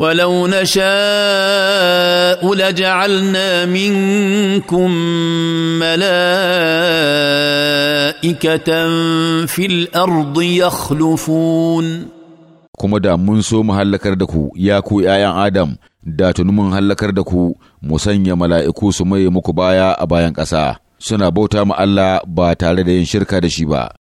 ولو نشاء لجعلنا منكم ملائكة في الأرض يخلفون kuma da mun so mu hallakar da ku ya ku ‘ya'yan Adam, da tuni mun hallakar da ku mu sanya mala'iku su maye muku baya a bayan ƙasa, suna bauta mu Allah ba tare da yin shirka da shi ba.